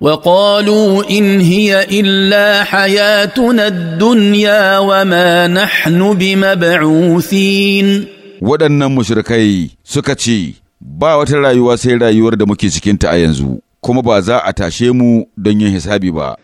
وقالوا inhiya هي الا حياتنا الدنيا وما نحن بمبعوثين waɗannan mushrikai suka ce ba wata rayuwa sai rayuwar da muke cikinta a yanzu kuma ba za a tashe mu don yin hisabi ba